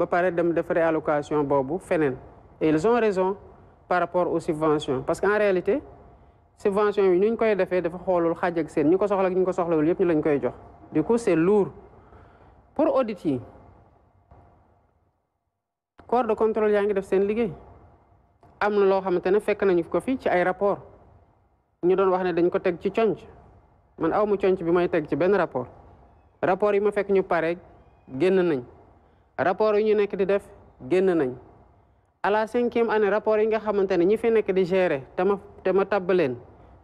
ba pare dem def réallocation boobu feneen et ils ont raison par rapport au subvention parce que en réalité subvention yi ñu ñu koy defee dafa xoolul xaaj ak seen ñi ko soxla ak ñi ko soxlawul yëpp ñu lañ koy jox du coup c'est lourd pour audit yi corps de contrôle yaa ngi def seen liggéey am na loo xamante ne fekk nañu ko fii ci ay rapport ñu doon wax ne dañ ko teg ci conc man aw mu conc bi may teg ci benn rapport rapport yi ma fekk ñu pare génn nañ rapport yi ñu nekk di def génn nañ à la cinquième année rapport yi nga xamante ne ñi fi nekk di gérer te ma te ma tàbb leen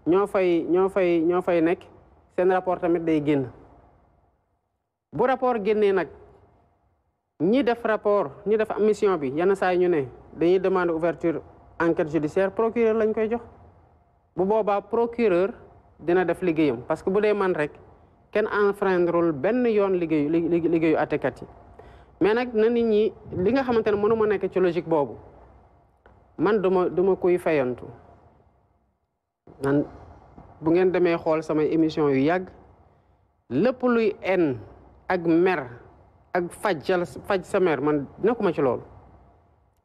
ñoo fay ñoo fay ñoo fay nekk seen rapport tamit day génn bu rapport génnee nag ñi def rapport ñi def mission bi yenn saa ñu ne dañuy demande ouverture enquête judiciaire procureur lañ koy jox bu boobaa procureur dina def liggéeyam parce que bu dee man rek kenn enfreindrul benn yoon liggéeyu liggéeyu àttekat yi mais nag na nit ñi li nga xamante ne mënuma nekk ci logique boobu man duma duma kuy fayantu man bu ngeen demee xool samay émission yu yàgg lépp luy en ak mer ak fajjal faj sa mer man nekkuma ci lool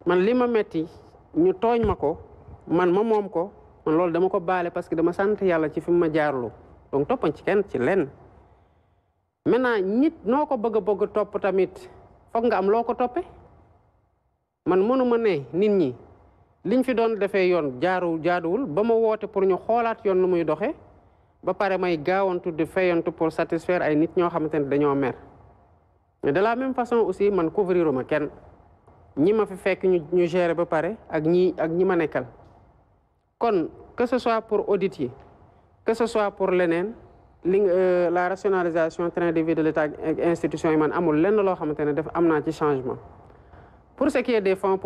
man li ma metti ñu tooñ ma ko man ma moom ko man loolu dama ko baale parce que dama sant yàlla ci fi mu ma jaarlu donc toppañ ci kenn ci leen maintenant nit noo ko bëgg a bëgg topp tamit foog nga am loo ko toppe man mënuma ne nit ñi liñ fi doon defee yoon jaaru jaaduwul ba ma woote pour ñu xoolaat yoon lu muy doxee ba pare may gaawantu di fayantu pour satisfaire ay nit ñoo xamante ne dañoo mer mais de la même façon aussi man couvriruma kenn ñi ma fi fekk ñu ñu gérer ba pare ak ñi ak ñi ma nekkal kon que ce soit pour audit yi que ce soit pour leneen li euh, la rationalisation train de vie de l'État institution yi man amul lenn loo xamante ne def am naa ci changement pour ce qui est des fonds